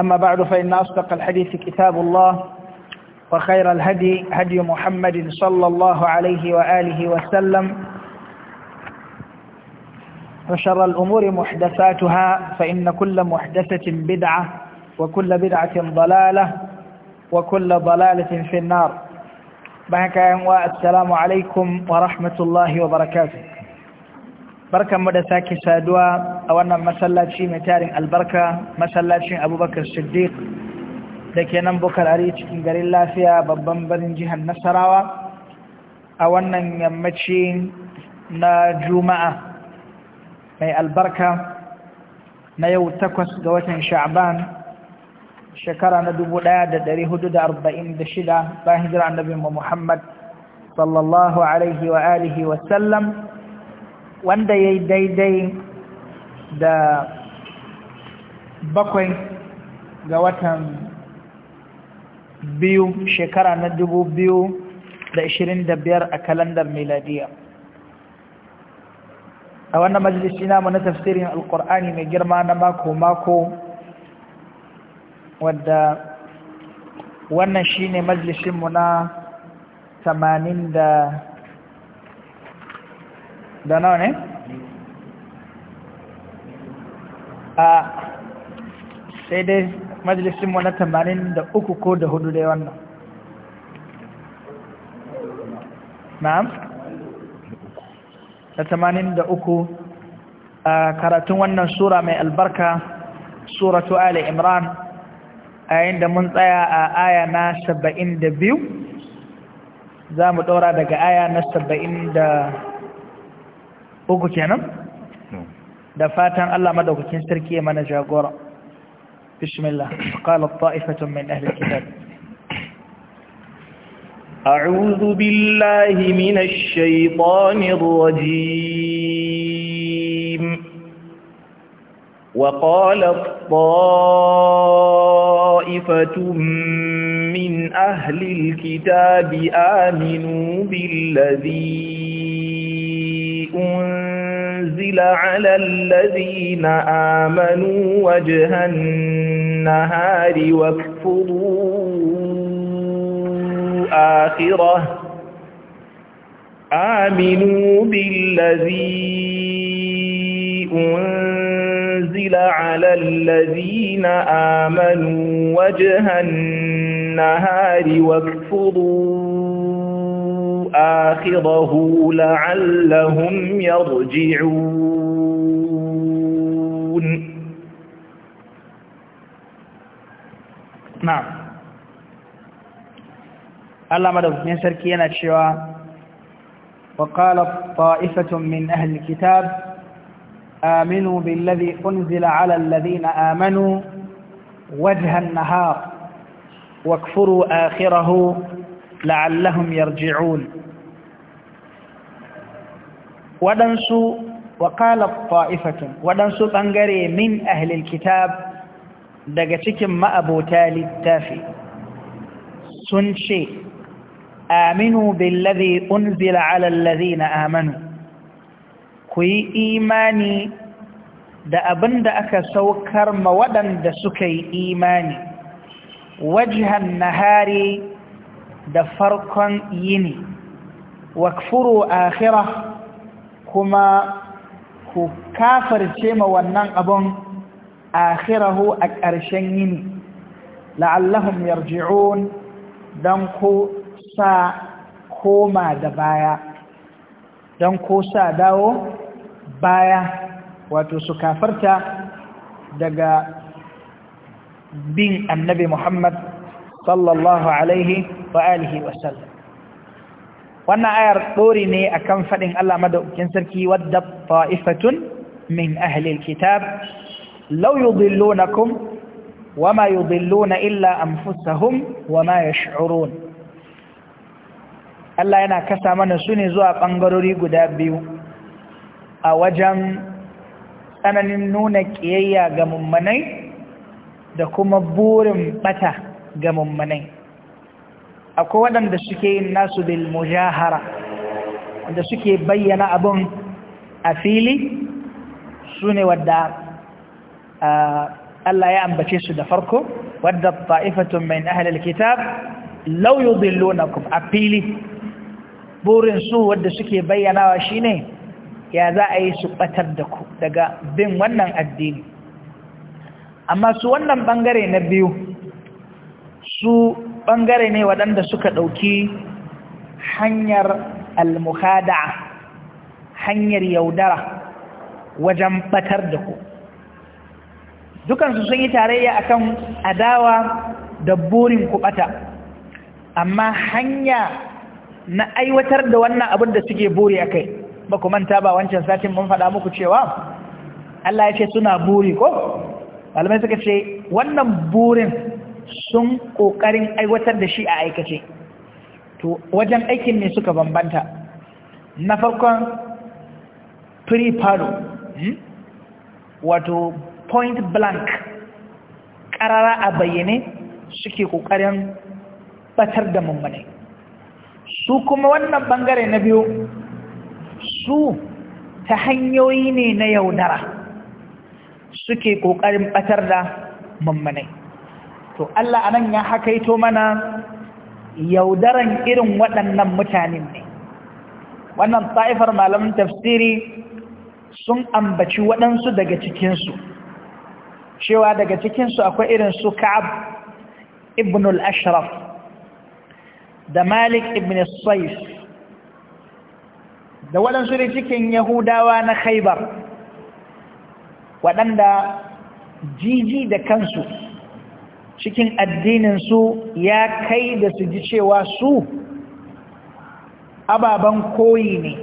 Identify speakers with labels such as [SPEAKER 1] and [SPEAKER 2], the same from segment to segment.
[SPEAKER 1] أما بعد فإن أصدق الحديث كتاب الله وخير الهدي هدي محمد صلى الله عليه وآله وسلم وشر الأمور محدثاتها فإن كل محدثة بدعة وكل بدعة ضلالة وكل ضلالة في النار بحكا السلام عليكم ورحمة الله وبركاته Barka da sake saduwa a wannan masallaci mai tarin albarka masallacin abubakar siddiq da ke nan bukarari cikin garin lafiya babban birnin jihar nasarawa a wannan yammaci na juma'a mai albarka na yau takwas ga watan sha'ban shekara na dubu da da da shida bayan hijira annabi muhammad sallallahu alaihi wa alihi wasallam wanda ya yi daidai da bakwai ga watan biyu shekara na dubu biyu da ishirin da biyar a kalandar miladiya a wannan majalisi namu na tafsirin alkur'ani mai girma na mako-mako wadda wannan shine mu na tamanin da da nawa ne a sai dai majalisinmu na tamanin da uku ko da hudu dai wannan na'am da tamanin da uku a karatun wannan sura mai albarka suratu ali imran a yayin da mun tsaya a aya na saba'in da biyu za mu ɗora daga aya na saba'in da uku kenan da fatan Allah madaukakin sarki ya mana jagora bismillah qala ta'ifatun min ahli kitab a'udhu billahi minash shaitanir rajim wa qalat ta'ifatun min ahli alkitab aminu billazi أنزل على الذين آمنوا وجه النهار واكفروا
[SPEAKER 2] آخره
[SPEAKER 1] آمنوا بالذي أنزل على الذين آمنوا وجه النهار واكفروا آخره لعلهم يرجعون نعم الله مدوكين كينا تشوا وقال طائفة من أهل الكتاب آمنوا بالذي أنزل على الذين آمنوا وجه النهار واكفروا آخره لعلهم يرجعون ودنسوا وقال الطائفة ودنسوا بانغري من أهل الكتاب دقتكم ما أبو تالي التافي سنشي آمنوا بالذي أنزل على الذين آمنوا كي إيماني دا أبن دا أكا سوكر مودن دا سكي إيماني وجه النهاري da farkon yini wakfuru akhira kuma ku kafarce ma wannan abun akhirahu a ƙarshen yini la'allahum yarji'un don ku sa koma da baya don ko sa dawo baya wato su kafarta daga bin annabi Muhammad sallallahu alaihi wa alihi wa wannan ayar dori ne akan fadin Allah madaukakin sarki wadda ta'ifatun min ahli alkitab law yudillunakum wama yudilluna illa anfusahum wama yash'urun Allah yana kasa mana su ne zuwa bangarori guda biyu a wajen tsananin nuna kiyayya ga mumanai da kuma burin bata ga mummanai akwai waɗanda suke yin nasu bil mujahara wanda suke bayyana abun a fili su ne wadda Allah ya ambace su da farko wadda ta'ifatun na ahlil kitab law yudillunakum a fili burin su wadda suke bayyanawa shine ya za a yi su batar da ku daga bin wannan addini amma su wannan bangare na biyu su ɓangare ne waɗanda suka ɗauki hanyar almuhada hanyar yaudara wajen ɓatar da ku dukansu sun yi tarayya akan adawa da burin kuɓata amma hanya na aiwatar da wannan abin da suke buri a kai ba ku manta ba wancan satin mun faɗa muku cewa Allah ya ce suna buri ko? malamai suka ce wannan burin sun ƙoƙarin aiwatar da shi a aikace to wajen aikin ne suka bambanta na farkon pre-paro hmm? wato point blank ƙarara a bayyane suke ƙoƙarin batar da mummane su kuma wannan ɓangare na biyu su ta hanyoyi ne na yaudara suke ƙoƙarin batar da mummane to Allah anan ya hakaito mana yaudaran irin waɗannan mutanen ne wannan ta'ifar malamin tafsiri sun ambaci waɗansu daga cikinsu cewa daga cikinsu akwai irin su ka'ab ibn al-ashraf da malik ibn saif da waɗansu da cikin yahudawa na khaibar waɗanda jiji da kansu cikin addininsu ya kai da su ji cewa su ababen koyi ne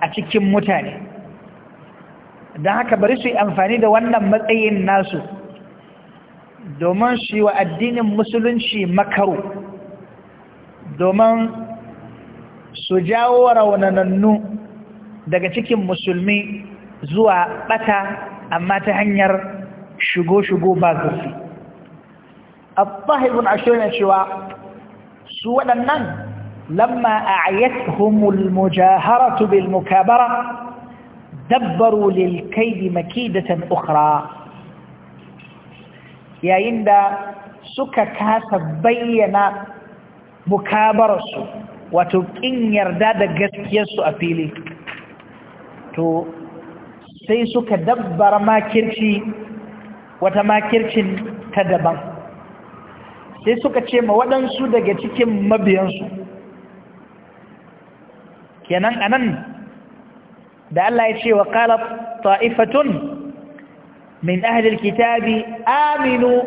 [SPEAKER 1] a cikin mutane don haka bari su yi amfani da wannan matsayin nasu domin su wa addinin musulunci makaru domin su jawo raunanannu daga cikin musulmi zuwa bata amma ta hanyar shigo-shigo ba zurfi abdahibun ashirin cewa su waɗannan lamma a ayyathumul mujaharatu bil mukabara dabbaru lil kaidi makidatan ukhra yayin da suka kasa bayyana mukabararsu wato kin yarda da gaskiyarsu a fili to sai suka dabbara makirci wata makircin ta daban sai suka ce ma waɗansu daga cikin mabiyansu kenan anan da Allah ya ce wa ƙala ta'ifatun min ahalil kitabi aminu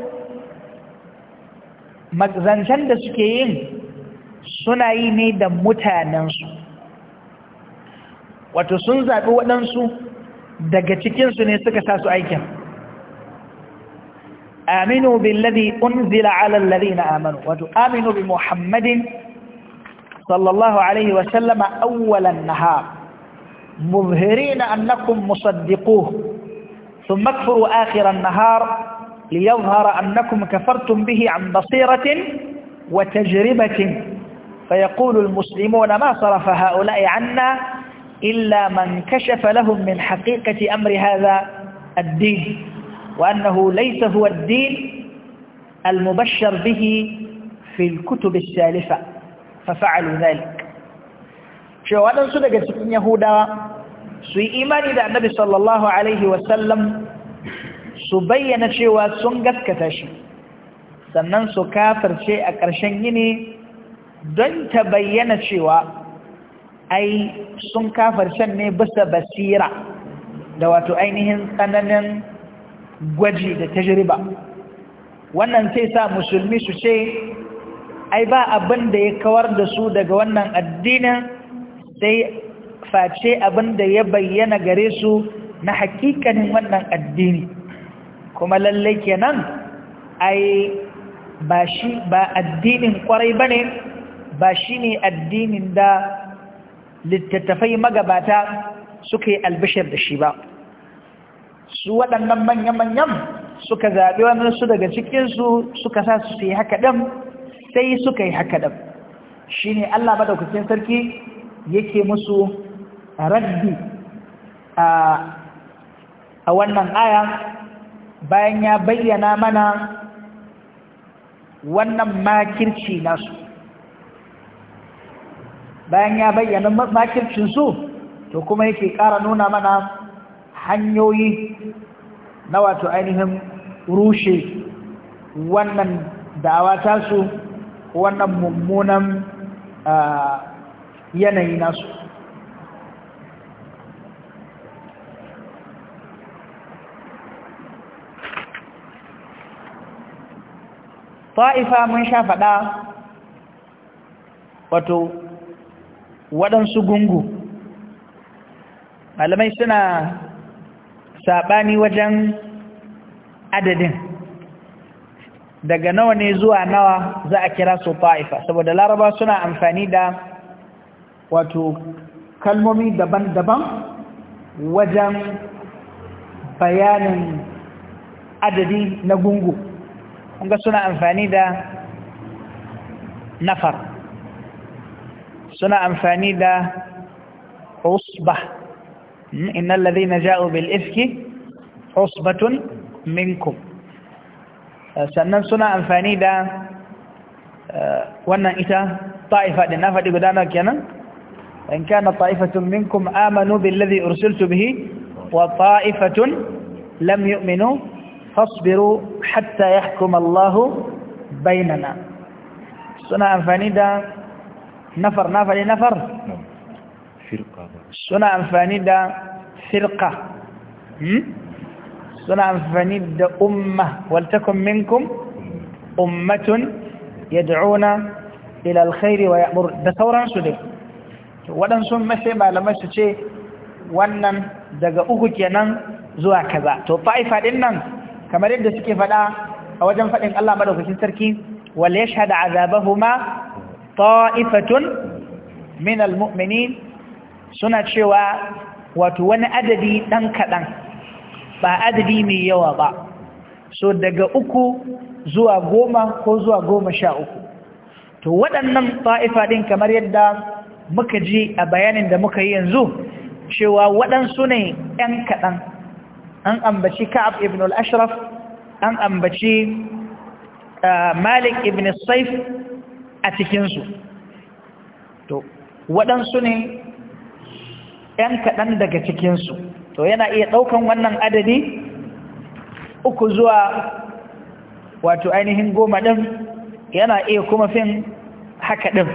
[SPEAKER 1] zancen da suke yin suna yi ne da mutanensu wato sun zaɓi waɗansu daga cikinsu ne suka sa su aikin آمنوا بالذي أنزل على الذين آمنوا وتؤمنوا بمحمد صلى الله عليه وسلم أول النهار مظهرين أنكم مصدقوه ثم اكفروا آخر النهار ليظهر أنكم كفرتم به عن بصيرة وتجربة فيقول المسلمون ما صرف هؤلاء عنا إلا من كشف لهم من حقيقة أمر هذا الدين وأنه ليس هو الدين المبشر به في الكتب السالفة ففعلوا ذلك شو هذا سنة جسد يهودا سوي إيماني دا النبي صلى الله عليه وسلم سبين شوى سنجد كتاشي sannan su kafirce a ƙarshen yini don ta bayyana cewa ai sun kafircen ne bisa basira da wato ainihin tsananin gwaji da tajriba wannan sai sa musulmi su ce ai ba abin da ya kawar da su daga wannan addinin sai face abin da ya bayyana gare su na hakikanin wannan addini kuma lalle kenan ai ba shi ba addinin kwarai bane ba shine addinin da littattafai magabata suka yi albishir da shi ba su waɗannan manya-manyan suka zaɓi su daga cikinsu suka sa su su yi haka ɗan sai suka yi haka ɗan shi ne Allah madaukacin sarki yake musu raddi a wannan aya bayan ya bayyana mana wannan makirci nasu bayan ya bayyana makircinsu to kuma yake ƙara nuna mana hanyoyi na wato ainihin rushe wannan da'awa tasu wannan mummunan yanayi nasu ta'ifa mun sha faɗa wato waɗansu gungu malamai suna saɓani wajen adadin daga nawa ne zuwa nawa za a kira su ta'ifa saboda laraba suna amfani da wato kalmomi daban-daban wajen bayanin adadi na gungu kunga suna amfani da nafar suna amfani da usba إن الذين جاءوا بالإفك عصبة منكم أه، سنن سنة أنفاني دا أه، وانا إتا طائفة دي نافة دي قدانا كينا إن كان طائفة منكم آمنوا بالذي أرسلت به وطائفة لم يؤمنوا فاصبروا حتى يحكم الله بيننا سنة أنفاني نفر نفر نفر نعم. فرقة suna amfani da firka hmm? suna amfani da umma waltakun minkum ummatun yad'una ila alkhairi wa ya'mur da sauransu dai waɗansu mace malamai su ce wannan daga uku kenan zuwa kaza to fa'ifa ɗin nan kamar yadda suke faɗa a wajen faɗin Allah maɗaukacin sarki Wale wal yashhad huma ta'ifatun min muminin suna cewa wato wani adadi ɗan kaɗan ba adadi mai yawa ba so daga uku zuwa goma ko zuwa goma sha uku to waɗannan fa'ifa ɗin kamar yadda muka ji a bayanin da muka yi yanzu cewa waɗansu ne ‘yan kaɗan an ambaci ka'ab ibn al’ashraf an ambaci uh, malik ibn saif a cikinsu to waɗansu ne ‘yan kaɗan daga cikinsu to yana iya ɗaukan wannan adadi uku zuwa wato ainihin goma ɗin yana iya kuma fin haka ɗin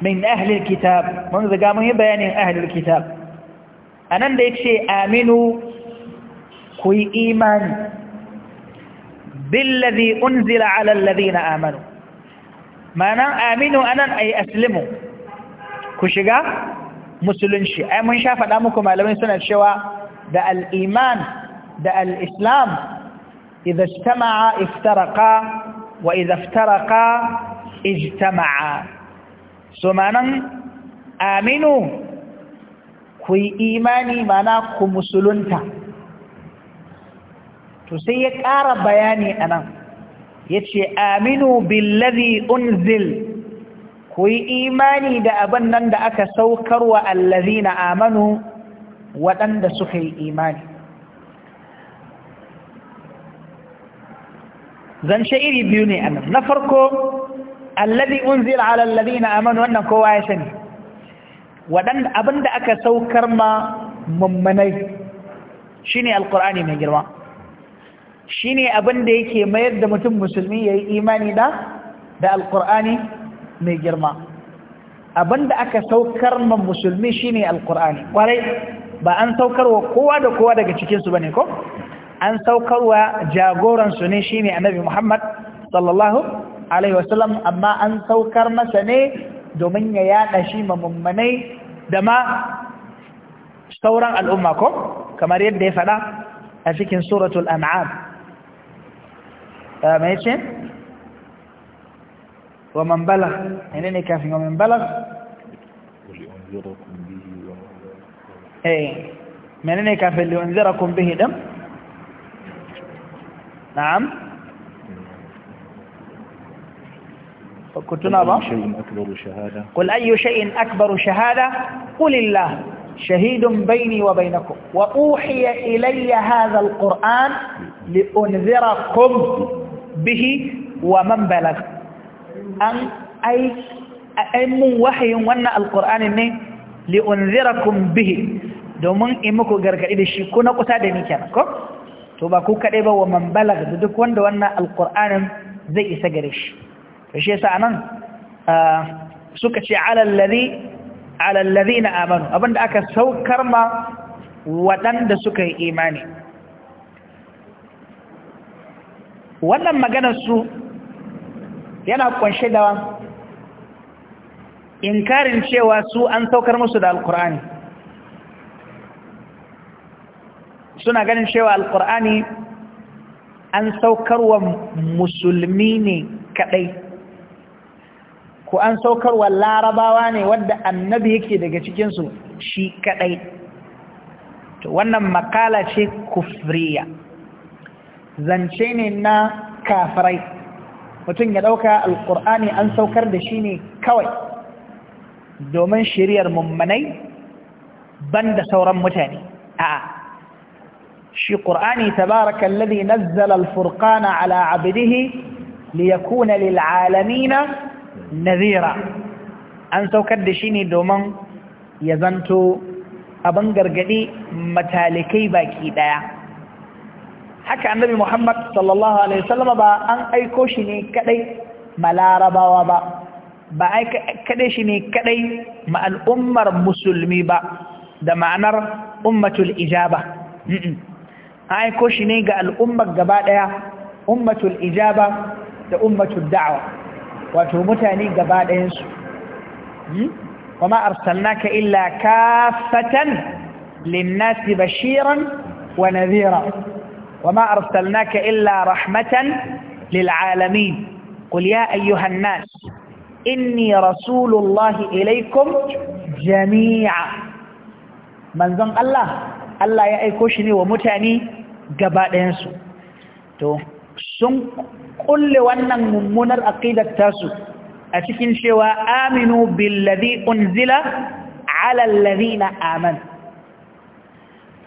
[SPEAKER 1] min ahlil kitab mun zaga mun yi bayanin ahlil kitab a nan da ya ce aminu ku yi imani billazi unzila ala allazina amanu ma'anan aminu anan ay aslimu ku shiga musulunci ai mun sha faɗa muku malamai suna cewa da al'iman da al'islam idha istama'a iftaraqa wa idha iftaraqa ijtama'a so manan aminu ku yi imani mana ku musulunta to sai ya ƙara bayani anan yace aminu billazi unzil ku yi imani da abin nan da aka saukar wa allazina amanu waɗanda suka yi imani zance iri biyu ne anan na farko allazi unzila ala allazina amanu wannan kowa ya sani waɗanda abin da aka saukar ma mummanai shine alqur'ani mai girma shine abin da yake mayar da mutum musulmi ya yi imani da da alqur'ani mai girma abinda aka saukar ma musulmi shine alqur'ani kwarai ba an saukarwa kowa da kowa daga cikin su bane ko an saukarwa jagoran su ne shine annabi Muhammad sallallahu alaihi wasallam amma an saukar masa ne domin ya yada shi ma mummunai da ma sauran al'umma ko kamar yadda ya fada a cikin suratul an'am me ومن بلغ إنني يعني كافي ومن بلغ
[SPEAKER 2] ولأنذركم به من منين
[SPEAKER 1] إيه. يعني كافي لأنذركم به دم نعم كنتنا با شيء أكبر شهادة قل أي شيء أكبر شهادة قل الله شهيد بيني وبينكم وأوحي إلي هذا القرآن لأنذركم به ومن بلغ an ai mun wahayin wannan alkur'ani ne li'unzirakum bihi domin in muku gargadi da shi ko na kusa da ni kenan ko to ba ku kadai ba wa man da duk wanda wannan alkur'anin zai isa gare shi to shi yasa anan suka ce ala alladhi ala alladhina amanu abinda aka saukar ma waɗanda suka yi imani wannan maganar su yana kunshe da inkarin cewa su an saukar musu da alkur'ani suna ganin cewa alkur'ani an saukarwa musulmi ne kadai ko an saukarwa larabawa ne wadda annabi yake daga cikinsu shi kadai to wannan makala ce kufriya zance ne na kafirai mutum ya ɗauka alƙur'ani an saukar da shi ne kawai domin shiriyar mummanai ban da sauran mutane a shi ƙur'ani tabarakan ladi nazzala furkana ala abidihi liyakuna lil'alamina nazira an saukar da shi ne domin ya zanto abin gargaɗi matalikai baki ɗaya haka annabi Muhammad sallallahu alaihi wasallam ba an aiko shi ne kadai malarabawa ba ba ai kadai shi ne kadai ma al'ummar musulmi ba da ma'anar ummatul ijaba aiko shi ne ga al'ummar gaba daya ummatul ijaba da ummatul da'wa wato mutane gaba dayan su وما أرسلناك إلا كافة للناس بشيرا ونذيرا وما أرسلناك إلا رحمة للعالمين قل يا أيها الناس إني رسول الله إليكم جميعا من ذن الله الله يأيكوشني ومتاني قبات ينسو تو سن كل وانا ممنا الأقيدة تاسو أتكين شوى آمنوا بالذي أنزل على الذين آمنوا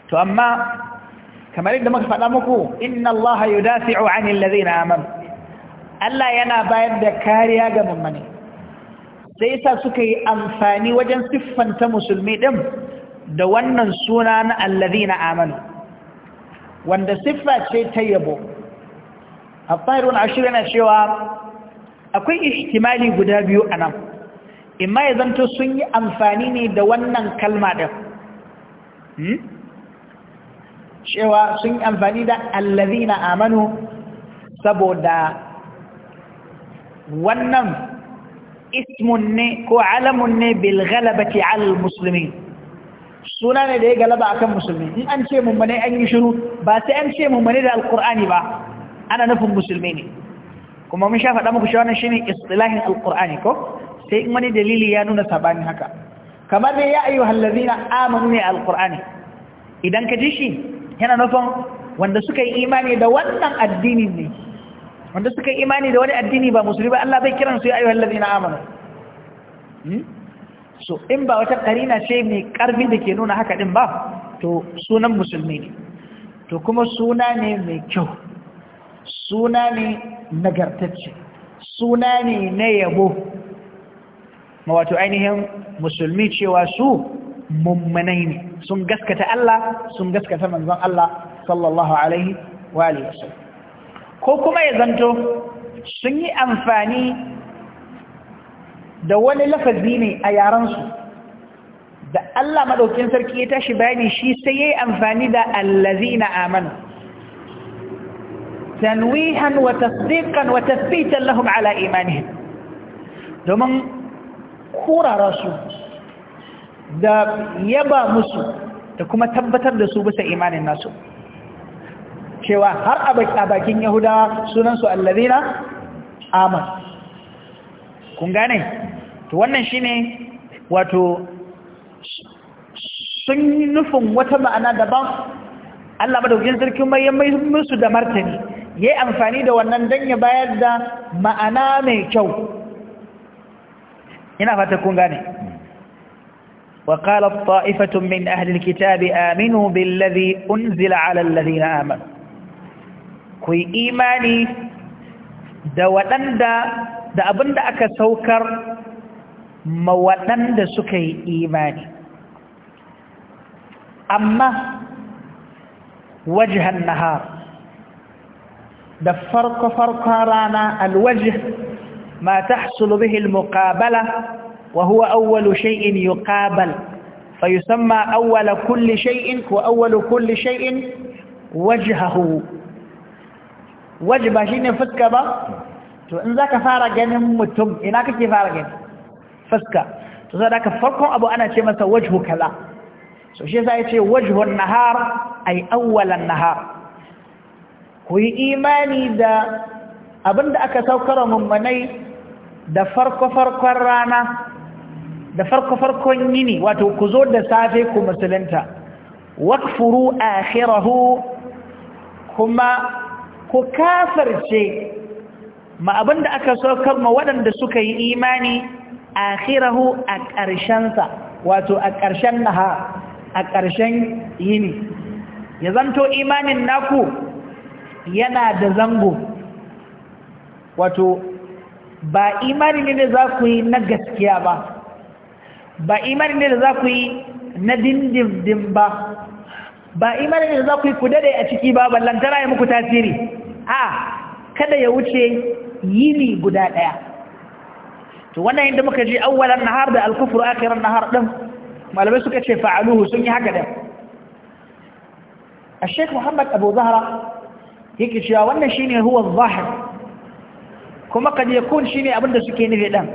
[SPEAKER 1] تو أما kamar yadda muka faɗa muku inna allaha yudafi'u 'anil ladhina amanu Allah yana bayar da kariya ga mummune sai yasa suka yi amfani wajen siffanta musulmi din da wannan suna na alladhina amanu wanda siffa ce ta yabo al-tahirun ashir yana cewa akwai ihtimali guda biyu anan imma ya sun yi amfani ne da wannan kalma din hmm? cewa sun amfani da allazina amanu saboda wannan ismun ne ko alamun ne bil ghalabati al muslimin suna ne da ya galaba akan musulmi in an ce mummune an yi shiru ba sai an ce mummune da alqur'ani ba ana nufin musulmi ne kuma mun sha faɗa muku shi wannan shine istilahin alqur'ani ko sai in wani dalili ya nuna sabani haka kamar ne ya ayyuhallazina amanu ne alqur'ani idan ka ji shi yana nufin wanda suka yi imani da wannan addini ne wanda suka yi imani da wani addini ba musulmi ba Allah bai kiransu ya ayyuhal ladina amanu hmm? so in ba wata karina ce mai karfi da ke nuna haka din ba to sunan musulmi ne to kuma suna ne mai kyau suna ne nagartacce suna ne na yabo ma wato ainihin musulmi cewa su mummanai ne sun gaskata Allah sun gaskata manzon Allah sallallahu alaihi wa alihi ko kuma ya zanto sun yi amfani da wani lafazi ne a yaransu da Allah maɗaukin sarki ya tashi bayani shi sai ya yi amfani da allazina amanu tanwihan wa tasdiqan wa tathbitan lahum ala imanihim domin kurara su da yaba musu da kuma tabbatar da su bisa imanin nasu cewa har a bakin yahudawa sunansu allazina aman kun gane to wannan shine wato sun nufin wata ma'ana daban Allah madaukakin sarkin mai mai musu da martani yayi amfani da wannan dan ya bayar da ma'ana mai kyau ina fata kun gane وقالت طائفة من أهل الكتاب آمنوا بالذي أنزل على الذين آمنوا كوي إيماني دا ودندا دا أبندا أكا سوكر ما ودندا سكي إيماني أما وجه النهار دا فرق فرق رانا الوجه ما تحصل به المقابلة وهو أول شيء يقابل فيسمى أول كل شيء وأول كل شيء وجهه وجب شيء فسكة با إن ذاك فارق يعني متم إن كي فارق يعني فسكة ذاك فرق أبو أنا شيء مثل كلا سو شيء ذا وجه النهار أي أول النهار كوي إيماني دا أبند دا أكا سوكرا من مني دا فرق فرق الرانة da farko-farkon yini wato ku zo da safe ku musulunta wakfuru akhirahu kuma ku kafarce ma abinda aka saukar ma waɗanda suka yi imani akhirahu a ƙarshensa wato a ƙarshen naha a ƙarshen yini ya zanto imanin naku yana da zango wato ba imani ne za ku yi na gaskiya ba ba imanin ne da za ku yi na dindindin ba ba imanin ne da za ku yi ku dade a ciki ba ballantana ya muku tasiri a kada ya wuce yini guda daya to wannan inda muka ji awwalan nahar da al-kufru akhiran nahar din malamai suka ce fa'aluhu sun yi haka da al-sheikh muhammad abu zahra yake cewa wannan shine huwa zahir kuma kad yakun shine abinda suke nufi dan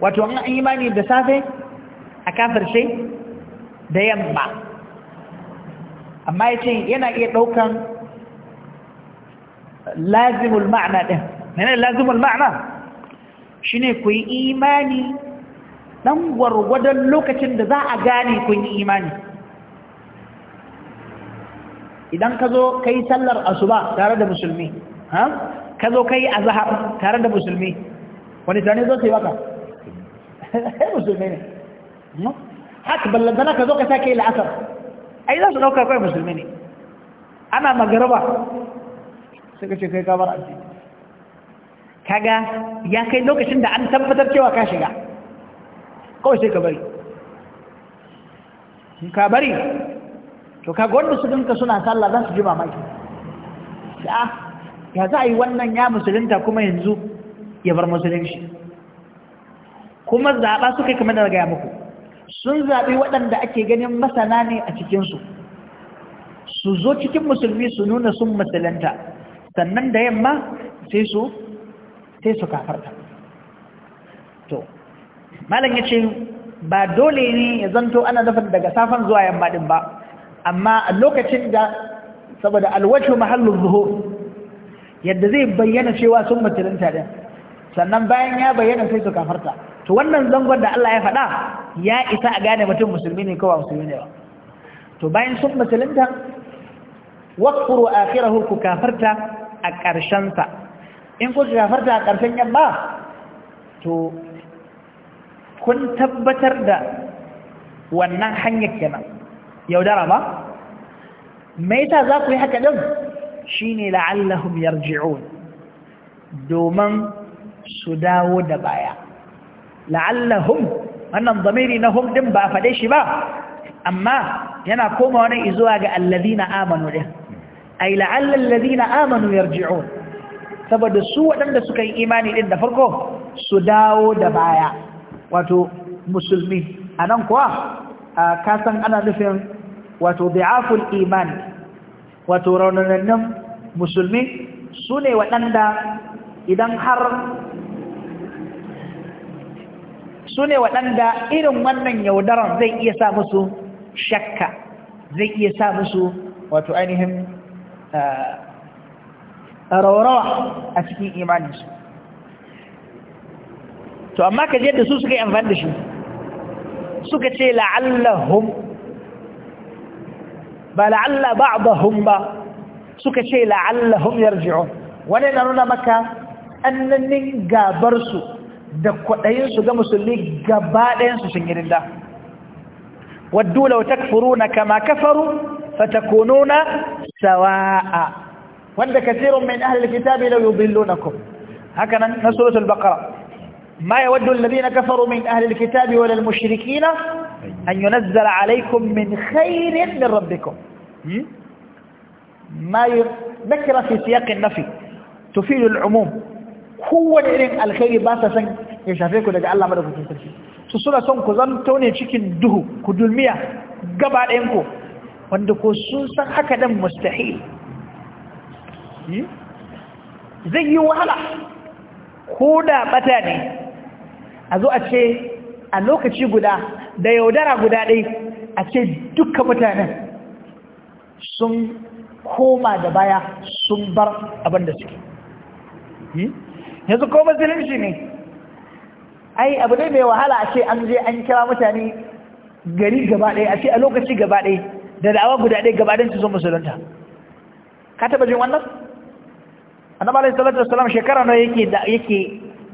[SPEAKER 1] wato an imani da safe a kafirce da yamma amma ya ce yana iya ɗaukan lazimul ma'ana ɗin mene lazimul ma'ana shi ne ku yi imani ɗan gwargwadon lokacin da za a gane kun yi imani idan ka zo ka yi sallar asuba tare da musulmi ka zo ka yi azahar tare da musulmi wani tare zo su yi waka sai musulmi ne hmm? haka ballantana ka zo ka sake la'asar ai za su ɗauka kawai musulmi ne ana magaraba Suka ce kai kamar addini kaga
[SPEAKER 2] ya kai lokacin da an tabbatar cewa ka shiga
[SPEAKER 1] kawai sai ka bari ka bari to kaga wanda su dinka suna sallah za su ji mamaki ya za a yi wannan ya musulunta kuma yanzu ya bar musulunci kuma zaɓa suka yi kamar da gaya muku sun zaɓi waɗanda ake ganin masana ne a cikinsu su zo cikin musulmi su nuna sun musulunta sannan da yamma sai su sai su kafarta to malam ya ce ba dole ne ya zanto ana nufin daga safan zuwa yamma din ba amma a lokacin da saboda alwacin mahallin zuho yadda zai bayyana cewa sun musulunta din sannan bayan ya bayyana sai su kafarta to wannan zangon da Allah ya faɗa ya isa a gane mutum musulmi ne kowa musulmi ne ba to bayan sun musulunta wakfuru akhirahu ku kafarta a ƙarshen sa in ku kafarta a ƙarshen yamma to kun tabbatar da wannan hanyar kenan yaudara ba me yasa za ku yi haka din shine la'allahum yarji'un domin su dawo da baya la'allahum wannan zamiri na hum din ba faɗe shi ba amma yana komawa ne zuwa ga alladina amanu din ay la'alla alladina amanu yarji'un saboda su waɗanda suka yi imani din da farko su dawo da baya wato musulmi anan kuwa ka san ana nufin wato bi'aful iman wato raunanannun musulmi su ne waɗanda idan har su ne waɗanda irin wannan yaudaran zai iya sa musu shakka zai iya sa musu wato ainihin eh, raurawa a cikin imaninsu to amma ka je da su suka yi amfani da shi suka ce la'allahum ba la'alla ba'dahum ba suka ce la'allahum yarji'un wani na nuna maka annanin gabarsu da kwaɗayinsu ga musulmi gaba ɗayansu sun yi ridda waddu law takfuruna kama kafaru fatakununa sawa'a wanda katirun min ahli alkitabi law yudillunakum haka nan na suratul baqara ma yawaddu alladhina kafaru min ahli alkitabi wala almushrikeen an yunzala alaykum min khairin min rabbikum ما ذكر في سياق النفي تفيد العموم kowane irin alkhairi ba sa son ya shafe ku daga Allah madaukakin sarki su suna son ku zanto ne cikin duhu ku dulmiya gaba ɗayan ku wanda ko sun san haka dan mustahil hmm? zai yi wahala ko da bata ne a zo a ce a lokaci guda da yaudara guda ɗai a ce dukkan mutanen sun koma da baya sun bar abin da
[SPEAKER 2] suke hmm?
[SPEAKER 1] yanzu ko musulunci ne ai abu ne mai wahala a ce an je an kira mutane gari gaba ɗaya a ce a lokaci gaba ɗaya da da'awa guda ɗaya gaba ɗaya su musulunta ka taɓa jin wannan annabi alaihi salatu wasallam shekara nawa yake yake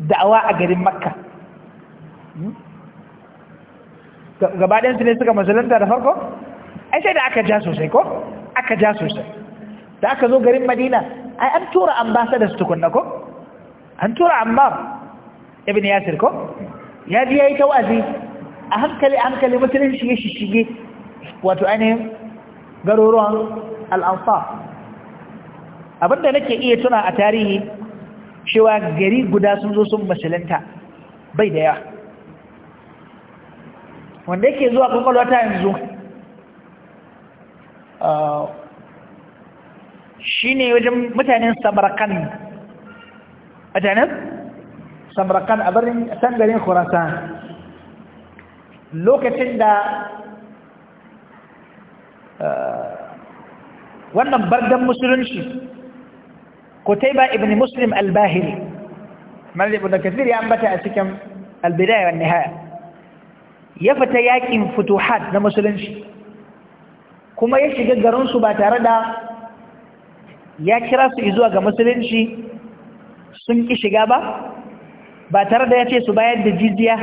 [SPEAKER 1] da'awa a garin makka hmm? gaba ɗayan su ne suka musulunta da farko ai sai da aka ja sosai ko aka ja sosai da aka zo garin madina ai an tura ambasadas tukunna ko an tura amma ibn yasir ko ya ji yayi tawazi a hankali hankali mutane shige shige wato ainihin garuruwan al abinda nake iya tuna a tarihi cewa gari guda sun zo sun musulunta bai da yawa wanda yake zuwa kwakwalwa ta yanzu ah, shi ne wajen mutanen samarkand mutanen samarkan a birnin sangarin khurasan lokacin da eh, wannan bardan musulunci kutaiba ibn muslim al-bahiri kamar da kathir ya ambata a cikin al-bidaya nihaya ya fita yakin futuhat na musulunci kuma ya shiga garin su ba tare da ya kira su zuwa ga musulunci sun ƙi shiga ba ba tare da yace su bayar da jijiya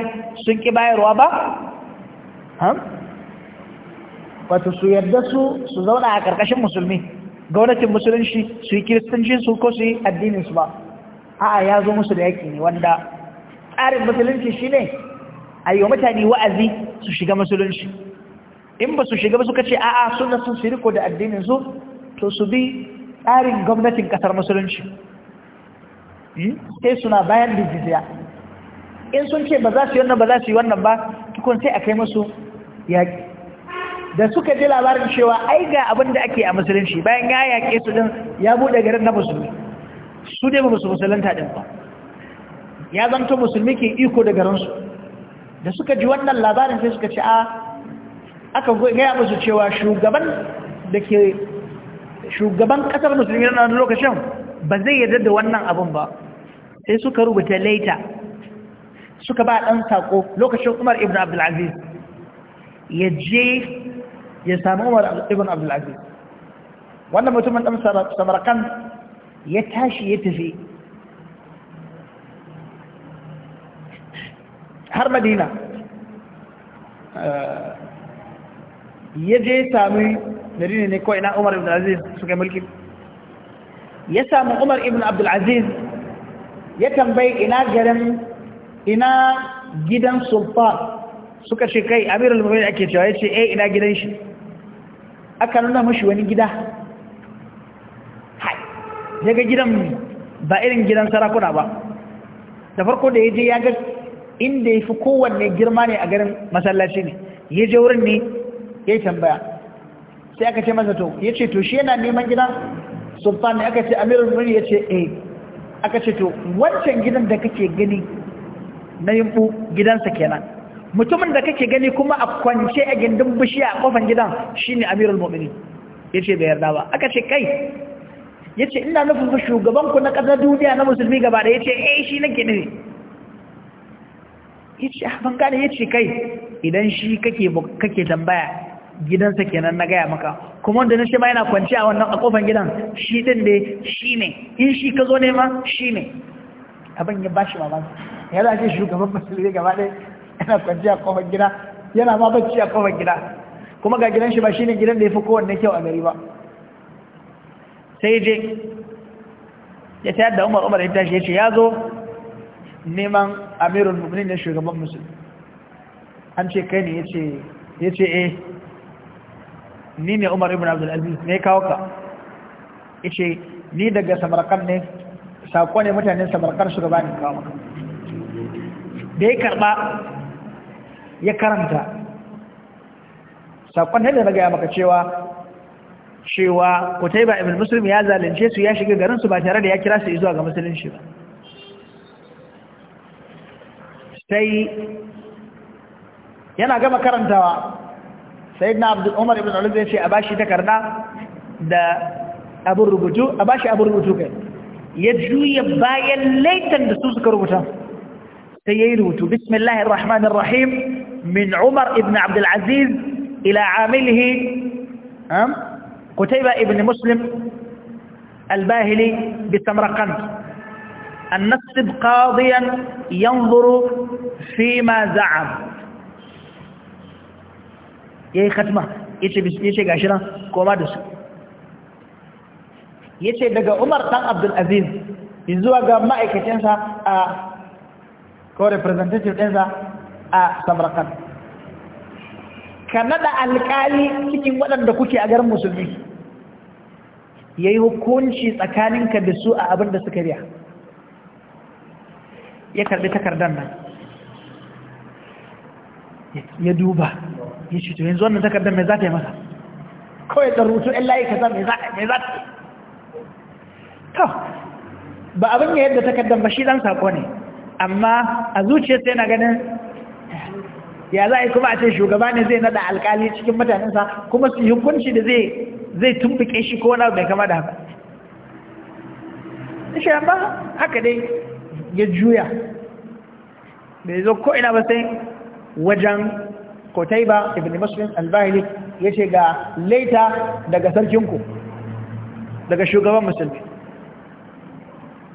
[SPEAKER 1] sun ƙi bayarwa ba wato su yarda su su zauna a ƙarƙashin musulmi gwamnatin musulunci su yi su ko su yi addininsu ba a'a ya zo musu da yaƙi ne wanda tsarin musulunci shi ne mutane wa'azi su shiga musulunci in ba su shiga ba suka ce a'a suna sun su da addininsu to su bi tsarin gwamnatin ƙasar musulunci Hmm? sai suna bayar da jizya in sun ce ba za su yi wannan ba za su yi wannan ba tukun sai a kai musu yaƙi da suka ji labarin cewa ai ga abin da ake a musulunci bayan ya yaƙe su din ya buɗe garin na musulmi su ne ba musu musulunta din ba ya zanto musulmi ke iko da garinsu da suka ji wannan labarin sai suka ce a aka gaya musu cewa shugaban da ke shugaban ƙasar musulmi na lokacin ba zai yarda da wannan abin ba sai suka rubuta laita suka ba ɗan saƙo lokacin umar ibn abdulaziz ya je ya sami umar ibn abdulaziz wannan mutumin ɗan samarkan ya tashi ya tafi har madina eh, ya je sami madina ne ko ina umar ibn abdulaziz suka mulki ya samu umar ibn abdulaziz ya tambayi ina garin ina gidan sulfa suka ce kai amirul mu'minin ake cewa yace eh ina gidan shi aka nuna mashi wani gida hai daga gidan ba irin gidan sarakuna ba da farko da yaje ya ga inda yafi kowanne girma ne a garin masallaci ne yaje wurin ne yayi tambaya sai aka ce masa to yace to shi yana neman gidan sultan aka ce amirul mu'minin ya ce eh aka ce to wancan gidan da kake gani na yimbu gidansa kenan mutumin da kake gani kuma a kwance a gindin bishiya a kofan gidan shine amirul mu'minin yace bai yarda ba aka ce kai yace ina nufin ku shugaban ku na kasar duniya na musulmi gaba da yace eh shi nake nufi yace ah, ban gane yace kai idan shi kake kake tambaya gidansa kenan na gaya maka kuma wanda na ce ma yana kwanci a wannan kofan gidan shi din dai shi ne in shi ka zo nema shi ne abin ya bashi mamaki ya za ce shugaban musulmi gaba ɗaya yana kwanci a kofan gida yana ma bacci a kofan gida kuma ga gidan shi ba shi ne gidan da ya fi kowanne kyau a gari ba sai je ya tayar da umar umar ya tashi ya ce ya zo neman amirul mu'minin ne shugaban musulmi an ce kai ne ya ce eh ni ne umar ibn abdul aziz ne kawo ka ishe ni daga samarkar ne sako ne mutanen samarkar gaba ne kawo maka da ya karba ya karanta ne da na gaya maka
[SPEAKER 2] cewa
[SPEAKER 1] cewa ba ibn musulmi ya zalunce su ya shiga garin su ba tare da ya kira su zuwa ga musulunci ba sai yana gama karantawa سيدنا عبد العمر بن علي زي اباشي ذكرنا ده ابو الرجوع اباشي ابو الرجوع كان يجوي يبايا ليتن دسوس كروتا سيروت بسم الله الرحمن الرحيم من عمر بن عبد العزيز الى عامله ام قتيبة ابن مسلم الباهلي بسمرقند أن نصب قاضيا ينظر فيما زعم ya yi katma ya ce gashi nan koma da su ya ce daga umar ɗan abdulaziz zuwa ga ma'aikacinsa a ko representative ɗinsa a samarkand ka da alƙali cikin waɗanda kuke a garin musulmi ya yi hukunci tsakaninka da su a abin da suka riya ya karɓi takardar nan ya duba ya ce to yanzu wannan takardar mai za ta yi masa kawai da rutu ‘yan layi kaza mai za ta yi to ba abin ya yadda takardar ba shi zan saƙo ne amma a zuciya sai na ganin ya za a yi kuma a ce shugaba ne zai nada alkali cikin mutanensa kuma su hukunci da zai zai tumbuke shi ko wani bai kama da haka shi amma haka dai ya juya bai zo ko ina ba sai wajen Kotaiba ibn Muslim al-Bahili yace ga laita daga sarkin ku daga shugaban musulmi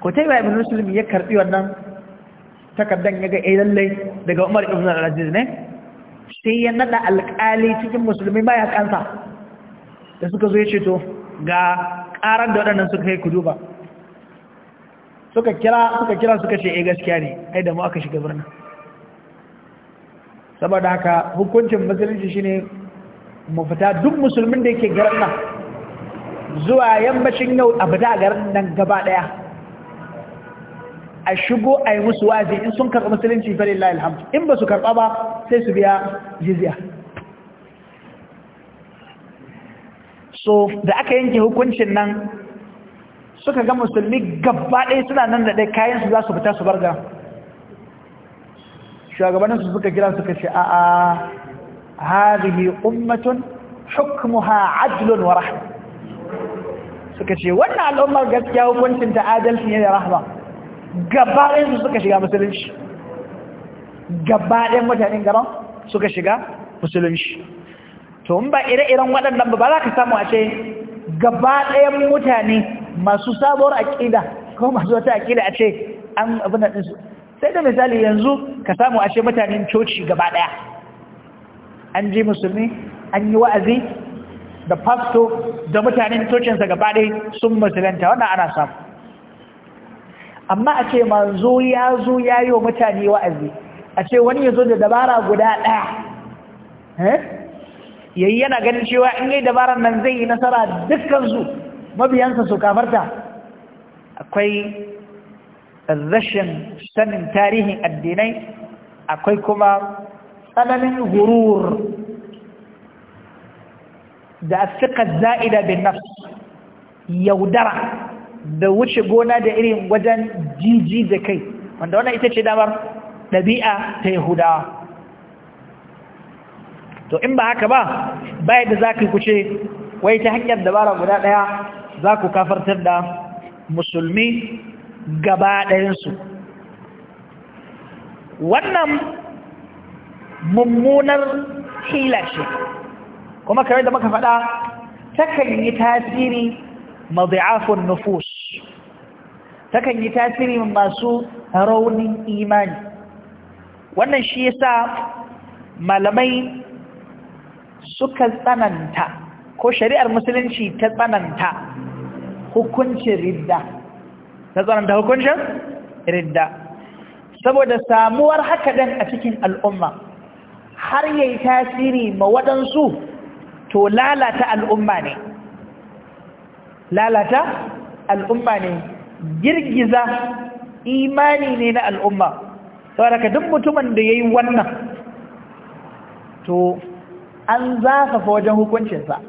[SPEAKER 1] Kotaiba ibn Muslim ya karbi wannan takardan yaga eh lalle daga Umar ibn al-Aziz ne sai ya nada alƙali cikin musulmi baya kansa da suka zo yace to ga karar da waɗannan suka yi ku duba suka kira suka kira suka ce eh gaskiya ne ai da mu aka shiga birnin saboda haka hukuncin musulunci shine mu fita duk musulmin da yake garin nan zuwa yammacin yau a fita garin nan gaba daya a shigo a yi musu wazi in sun karɓi musulunci fa lillahi alhamdu in ba su karɓa ba sai su biya jizya so da aka yanke hukuncin nan suka ga musulmi gaba ɗaya suna nan da ɗaya kayan su za su fita su bar barga shugabannin su suka kira suka ce a'a hadhihi ummatun hukmuha adlun wa rahma suka ce wannan al'ummar gaskiya hukuncin ta adalci ne da rahma gabaɗayan su suka shiga musulunci gabaɗayan mutanen gaban suka shiga musulunci to in ba ire-iren waɗannan ba za ka samu a ce gabaɗayan mutane masu sabuwar aƙida ko masu wata aƙida a ce an abin da ɗinsu sai da misali yanzu ka samu ashe mutanen coci gaba daya an ji musulmi an yi wa'azi da pasto da mutanen cocinsa gaba daya sun musulunta wannan ana samu amma a ce manzo ya zo ya yi wa mutane wa'azi a ce wani ya zo da dabara guda daya eh? yayi yana ganin cewa in yi dabaran nan zai yi nasara dukkansu mabiyansa su kafarta akwai rashin sanin tarihin addinai akwai kuma tsananin gurur da asiƙar za'ida bin nafs yaudara da wuce gona da irin wajen jiji da kai wanda wannan ita ce damar ɗabi'a ta yahudawa to in ba haka ba bayan da za ku kuce wai ta hanyar dabara guda ɗaya za ku kafartar da musulmi gaba ɗayansu wannan mummunar hila ce kuma kamar da muka faɗa takan yi tasiri mazi'afun nufus takan yi tasiri masu raunin imani wannan shi yasa malamai suka tsananta ko shari'ar musulunci ta tsananta hukuncin ridda ta tsananta hukuncin ridda saboda samuwar haka ɗan a cikin al'umma har yayi tasiri ma waɗansu to lalata al'umma ne lalata al'umma ne girgiza imani ne na al'umma saboda duk mutumin da yayi wannan to an zafafa wajen hukuncinsa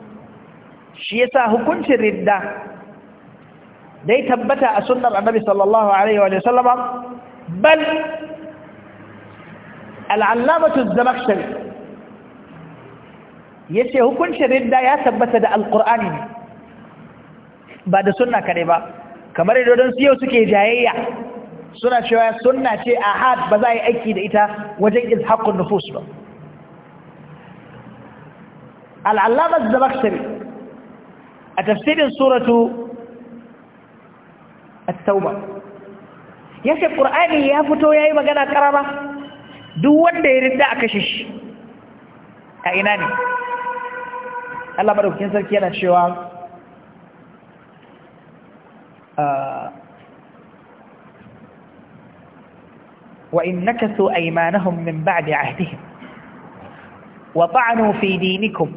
[SPEAKER 1] shi yasa hukuncin ridda dai tabbata a sunnar annabi sallallahu alaihi wa sallam bal al al'allamatu az-zamakhshari yace hukuncin ridda ya tabbata da al-qur'ani ba da sunna kare ba kamar idan su yau suke jayayya suna cewa sunna ce ahad ba za yi aiki da ita wajen izhaqun nufus ba al al'allamatu az-zamakhshari a tafsirin suratu التوبه يا ياش قراني يا فتو ياي مغانا قرابا دو وندا يردا اكشش ايناني الله بارك فيك سركي انا شيوا ا آه. وانكثوا ايمانهم من بعد عهدهم وطعنوا في دينكم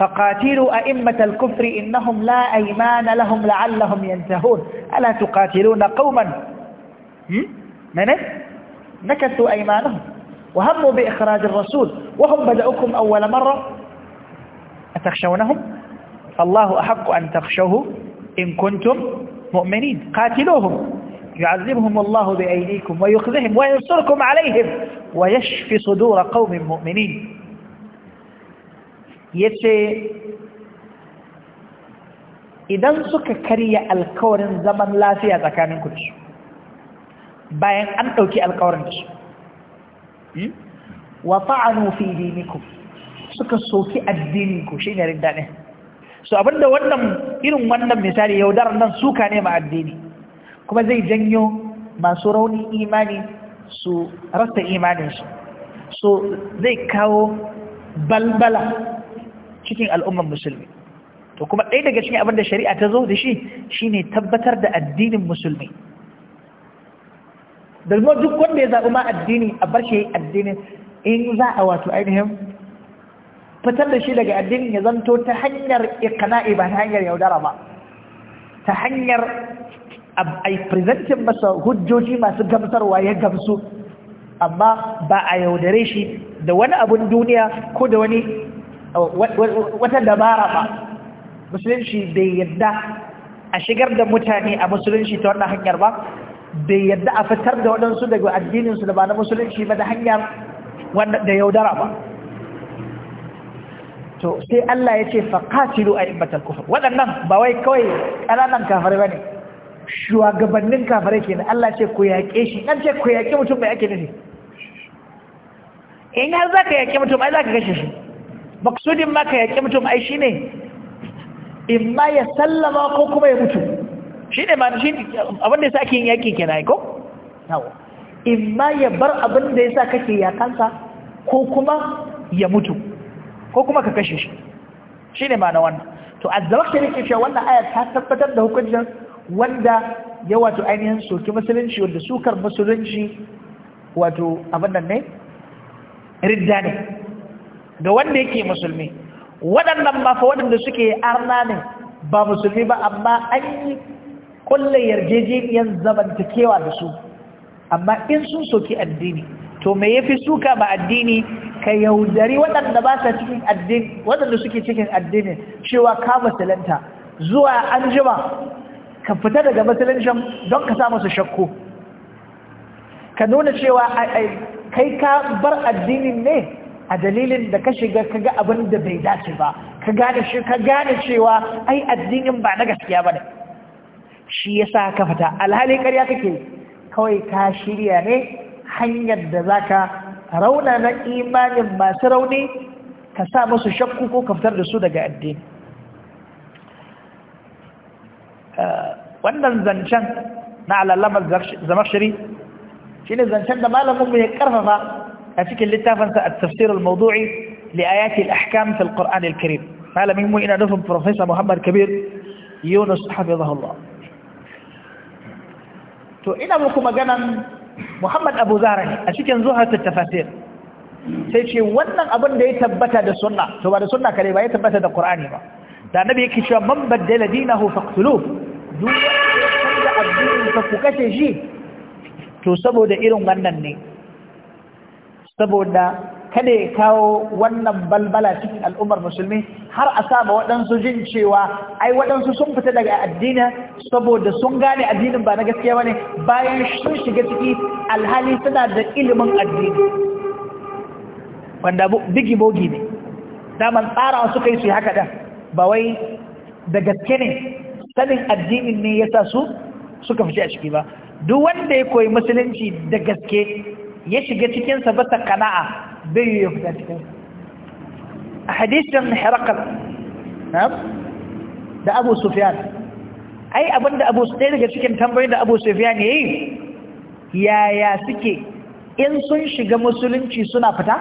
[SPEAKER 1] فقاتلوا أئمة الكفر إنهم لا أيمان لهم لعلهم ينتهون ألا تقاتلون قوما من نكثوا أيمانهم وهموا بإخراج الرسول وهم بدأوكم أول مرة أتخشونهم فالله أحق أن تخشوه إن كنتم مؤمنين قاتلوهم يعذبهم الله بأيديكم ويخذهم وينصركم عليهم ويشفي صدور قوم مؤمنين ya ce idan suka karya alkawarin zaman lafiya tsakanin ku bayan an ɗauki alkawarin da su hmm? wa fa'anu fi ku suka soki addini ku ne ridda ne so abinda wannan irin wannan misali yaudarar nan suka ne ma addini kuma zai janyo masu rauni imani su rasa imaninsu so zai kawo balbala cikin al'ummar musulmi to kuma ɗaya daga cikin abin da shari'a ta zo da shi shine tabbatar da addinin musulmi da kuma duk wanda ya zaɓi ma addini a bar shi addinin in za a wato ainihin fitar da shi daga addinin ya zanto ta hanyar ikana'i ba ta hanyar yaudara ba ta hanyar a presentin masa hujjoji masu gamsarwa ya gamsu amma ba a yaudare shi da wani abun duniya ko da wani wata dabara ba musulunci bai yadda a shigar da mutane a musulunci ta wannan hanyar ba bai yadda a fitar da waɗansu daga addininsu da ba na musulunci ba da hanyar da yaudara ba to sai Allah ya ce faƙatilu a imbatar kufur waɗannan ba wai kawai ƙananan kafare ba ne shugabannin kafare kenan na Allah ce ku yaƙe shi ɗan ce ku yaƙe mutum mai ake nufi in har za ka yaƙe mutum ai za ka kashe shi maksudin maka ya ƙi mutum ai shi ne in ma ya sallama ko kuma ya mutu shi ne abinda ya sa ake yin yaƙi ke na ko? in ma ya bar abinda ya sa kake yakansa ko kuma ya mutu ko kuma ka kashe shi shi ne ma na wannan to a zarakta ne ke cewa wannan ayar ta tabbatar da hukuncin wanda ya wato ainihin soki musulunci wanda sukar musulunci wato abin nan ne ridda ne ga wanda yake musulmi waɗannan ba fa waɗanda suke arna ne ba musulmi ba amma an yi kulle yarjejeniyar zamantakewa da su amma in sun soki addini to me yafi suka ba addini ka yaudari waɗanda ba sa cikin addini waɗanda suke cikin addinin cewa ka musulunta zuwa an jima ka fita daga musuluncin don ka sa musu shakku ka nuna cewa kai ka bar addinin ne a dalilin da ka shiga ka ga abin da bai dace ba ka gane shi ka gane cewa ai addinin ba na gaskiya ba ne shi ya yasa ka fita alhali karya kake kawai ka shirya ne hanyar da zaka rauna na imanin masu rauni ka sa musu shakku ko ka fitar da su daga addini eh, wannan zancen na alalamar zamashiri shi ne zancen da mu ya karfafa a cikin littafinsa a tafsir al-mawdu'i li ayati al-ahkam fi al-Qur'an al-Karim malamin mu ina nufin professor Muhammad Kabir Yunus hafizahullah to ina muku maganan Muhammad Abu Zara a cikin zuhar tafsir sai ce wannan abin da ya tabbata da sunna to ba da sunna kare ba ya tabbata da Qur'ani ba da annabi yake cewa man baddala dinahu faqtuluhu
[SPEAKER 2] duk wanda ya canza addinin sa ku
[SPEAKER 1] kace shi to saboda irin wannan ne saboda kada ya kawo wannan balbala cikin al'ummar musulmi har a saba waɗansu jin cewa ai waɗansu sun fita daga addini saboda sun gane addinin ba na gaskiya ne bayan sun shiga ciki alhali suna da ilimin addini wanda bigi bogi ne daman tsarawa suka yi su yi haka ɗan ba wai da gaske ne sanin addinin ne ya sa su suka fice a ciki ba duk wanda ya koyi musulunci da gaske ya shiga cikinsa ba ta kana'a bai yi ya fita cikinsa a hadisun harakar da abu sufiyan ai abinda abu su ɗaya daga cikin tambayi da abu sufiyan ya yi yaya suke in sun shiga musulunci suna fita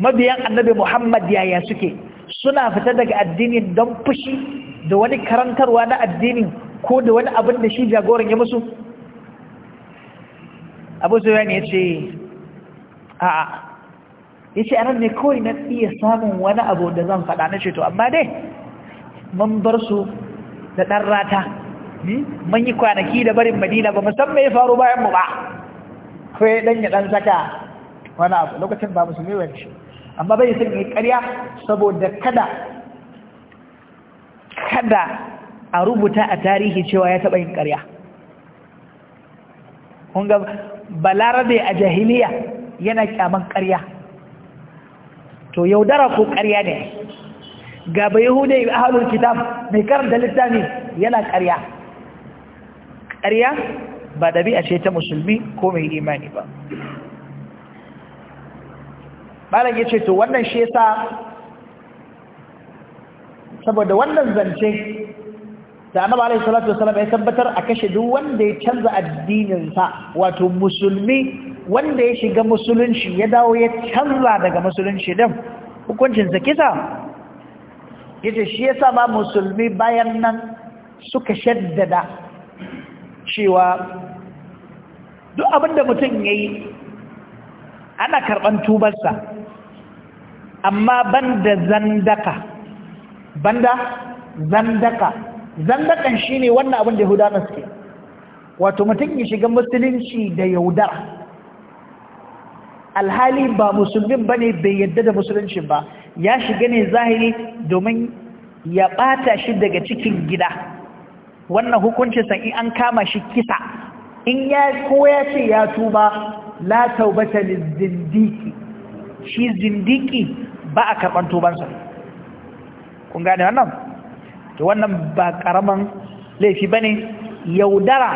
[SPEAKER 1] mabiyan annabi muhammad yaya suke suna fita daga addinin don fushi da wani karantarwa na addinin ko da wani abin da shi jagoran ya musu abu zuwan ya ce a'a ya ce anan ne kawai na iya samun wani abu da zan faɗa na ce to amma dai mun bar su da ɗan rata mun yi kwanaki da barin madina ba musamman ya faru bayan mu ba kawai ɗan ya ɗan saka wani abu lokacin ba musu wani shi amma bai sun yi ƙarya saboda kada kada a rubuta a tarihi cewa ya taɓa yin ƙarya Kunga ga balarabe a jahiliya yana kyaman ƙarya to yaudara ko ƙarya ne ga bai a halin kitab mai karanta littafi yana ƙarya ƙarya ba ɗabi'a ce ta musulmi ko mai imani ba malam ya ce to wannan shesa,
[SPEAKER 2] saboda wannan zance da annabi alaihi salatu wasallam
[SPEAKER 1] ya tabbatar a kashe duk wanda ya canza addinin sa wato musulmi wanda ya shiga musulunci ya dawo ya canza daga musulunci din hukuncinsa kisa yace shi yasa ba musulmi bayan nan suka shaddada cewa duk abinda mutum yayi ana karban tubarsa amma banda zandaka banda zandaka zandakan ne wannan abin da yahudawa suke wato mutum ya shiga musulunci da yaudara alhali ba musulmin ba ne bai yadda da musulunci ba ya shiga ne zahiri domin ya ɓata shi daga cikin gida wannan hukuncin san in an kama shi kisa in ya ko ya ce ya tuba la taubata zindiki, shi zindiki ba a karban tubansa kun gane wannan to wannan ba karaman laifi bane yaudara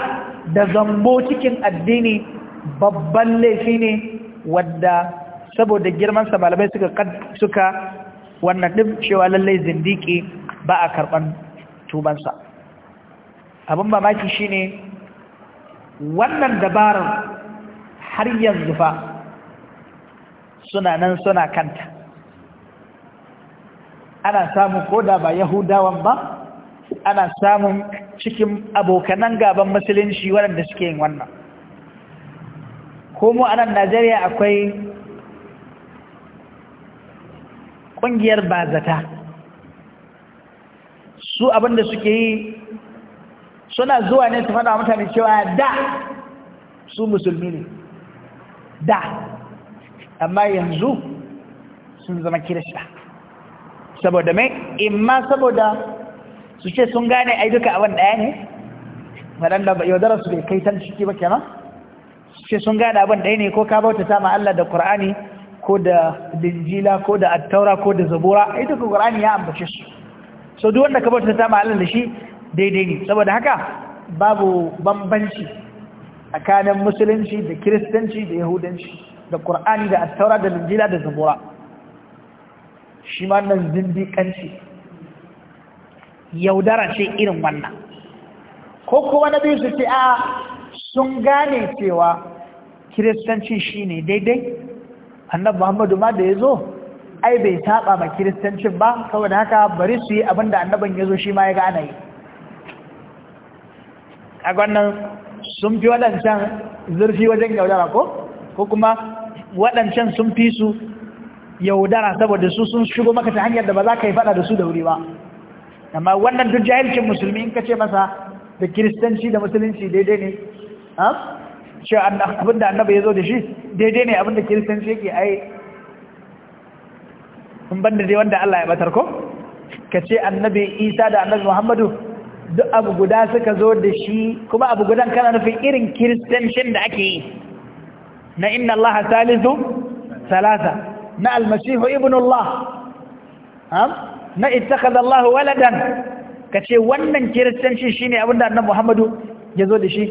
[SPEAKER 1] da zambo cikin addini babban laifi ne wadda saboda girmansa malamai suka suka wannan din cewa lallai zindiki ba a karban tubansa abin mamaki shine wannan dabarar har yanzu fa suna nan suna kanta ana samun da ba yahudawan ba ana samun cikin abokanan gaban musulunci waɗanda suke yin wannan ko a nan najeriya akwai ƙungiyar bazata su abinda suke yi suna zuwa ne su faɗa mutane cewa da su musulmi ne da amma yanzu sun zama kirista saboda mai imma saboda su ce sun gane ai duka abin ɗaya ne waɗanda yaudarar su bai kai tan ciki ba kenan su ce sun gane abin ɗaya ne ko ka bauta sama ma Allah da Qur'ani ko da Linjila ko da Attaura ko da Zabura ai duka Qur'ani ya ambace su so duk wanda ka bauta sama ma Allah da shi daidai ne saboda haka babu bambanci tsakanin musulunci da kiristanci da yahudanci da Qur'ani da Attaura da Linjila da Zabura shi ma nan kanci yaudara ce irin wannan ko kuma na biyu su ce a sun gane cewa kiristanci shi ne daidai annabi muhammadu ma da ya zo ai bai saba ma kiristancin ba saboda haka bari su yi abinda annaban ya zo shi ma ya gane yi a wannan sun fi waɗancan zurfi wajen yaudara ko ko kuma waɗancan sun fi su yaudara saboda su sun shigo maka ta hanyar da ba za ka yi fada da su da wuri ba amma wannan duk jahilcin musulmi in ka ce masa da kiristanci da musulunci daidai ne shi abinda annaba ya zo da shi daidai ne abinda kiristanci yake ai in banda dai wanda Allah ya batar ko ka ce annabi isa da annabi muhammadu duk abu guda suka zo da shi kuma abu gudan kana nufin irin kiristancin da ake yi na inna Allah salisu salasa na almasihu ibnullah na ittakhadha Allah waladan kace wannan kiristanci shine abinda annabi Muhammadu yazo da shi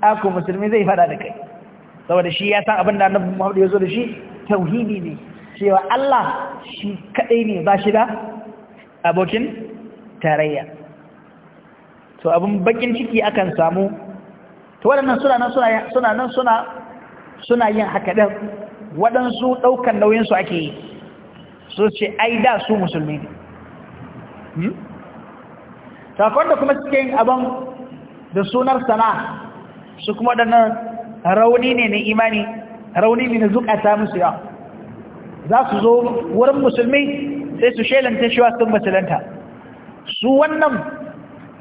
[SPEAKER 1] ako musulmi zai fada da kai saboda shi ya san abinda annabi Muhammadu yazo da shi tauhidi ne cewa Allah shi kadai ne ba shi da abokin tarayya to abin bakin ciki akan samu to waɗannan suna nan suna suna nan suna suna yin haka din waɗansu ɗaukan nauyinsu ake yi su ce ai da su musulmi ne sakon hmm? da kuma cikin abin da sunar sana su kuma nan rauni ne na imani rauni ne na zukata musu yawa za su zo wurin musulmi sai su shelanta shiwa sun musulunta su wannan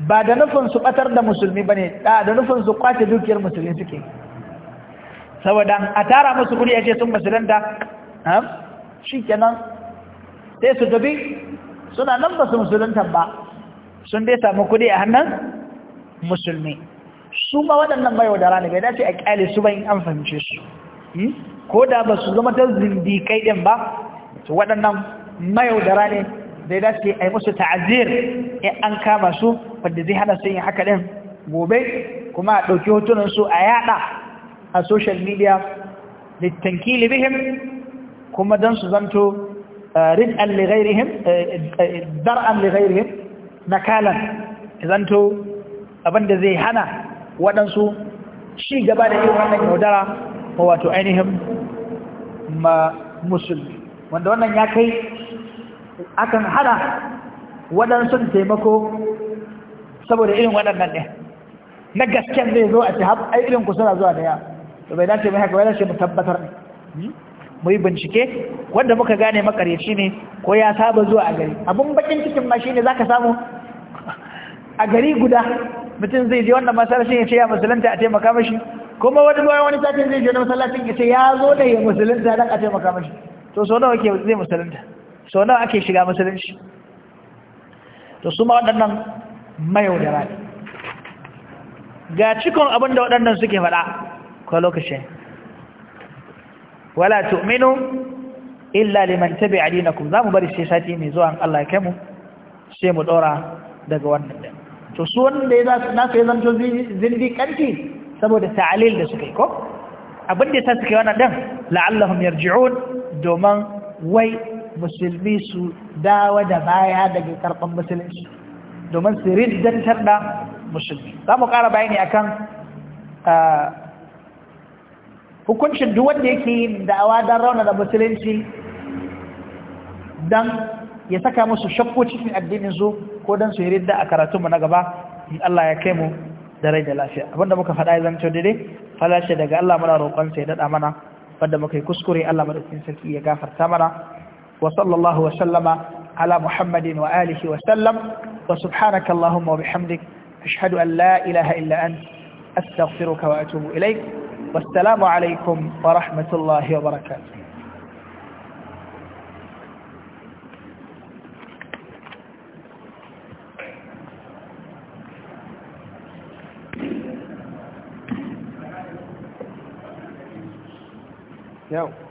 [SPEAKER 1] ba da nufin su ɓatar da musulmi ba ne da nufin su kwace dukiyar musulmi suke saboda a tara musu kudi a sun musulunta shi kenan sai su tafi suna nan ba su musulunta ba sun dai samu kudi a hannun musulmi su ba waɗannan mai wadara ne bai dace a kyale su bayan an fahimce su hmm? ko da ba su zama ta zindikai ɗin ba to waɗannan mai wadara ne bai dace a yi musu ta'azir in an kama su wadda zai hana sun yi haka ɗin gobe kuma a ɗauki su a yaɗa a social midiya littankili kuma don su zanto rid'an lighairihim dar'an lighairihim nakalan zanto abinda zai hana waɗansu shi gaba da irin wannan yaudara ko ainihin ma musulmi wanda wannan ya kai akan hana waɗansu taimako saboda irin waɗannan ne na gasken zai zo a ce har irin suna zuwa daya. to bai dace mai haka bai dace mu tabbatar mu yi bincike wanda muka gane makaryaci ne ko ya saba zuwa a gari abun bakin cikin ma shine zaka samu a gari guda mutum zai je wannan masallacin ya ce ya musulunta a taimaka mashi kuma wani bayan wani satin zai je na masallacin ya ce ya zo da ya musulunta dan a taimaka mashi to so nawa ake zai musulunta so nawa ake shiga musulunci to su ma waɗannan mayaudara ga cikon abin da waɗannan suke faɗa ko lokacin wala tu'minu illa liman tabi'a dinakum zamu bari sai sati mai zuwa Allah ya kai mu sai mu dora daga wannan din to su wanda ya zasu na sai zanto zindiqanti saboda ta'alil da suka yi ko abin da yasa suka yi wannan din la'allahum yarji'un domin wai musulmi su dawa da baya daga karban musulunci domin su riddantar da musulmi za mu ƙara bayani akan ah, hukuncin duk wanda yake yin da'awa don rauna da musulunci don ya saka musu shakku cikin addinin su ko don su yi ridda a karatunmu na gaba in Allah ya kai mu da rai da lafiya abinda muka faɗa ya zanto daidai falashe daga Allah muna roƙon sai daɗa mana wanda muka yi kuskure Allah madaukakin sarki ya gafarta mana wa sallallahu wa sallama ala muhammadin wa alihi wa sallam wa subhanaka allahumma wa bihamdik ashhadu an la ilaha illa ant astaghfiruka wa atubu ilaik والسلام عليكم ورحمة الله وبركاته
[SPEAKER 2] Yeah.